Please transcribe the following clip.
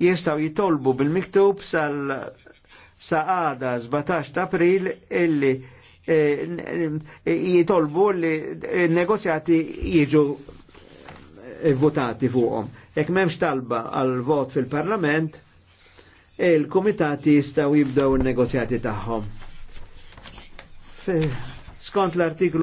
jistaw jitolbu bil-miktub sal saqada 17 ta' april illi eh, jitolbu li negozjati jiġu eh, votati fuqhom. Ek m'hemmx talba għal vot fil-Parlament, il-komitati jistgħu jibdew in-negozjati tagħhom. Skont l-artiklu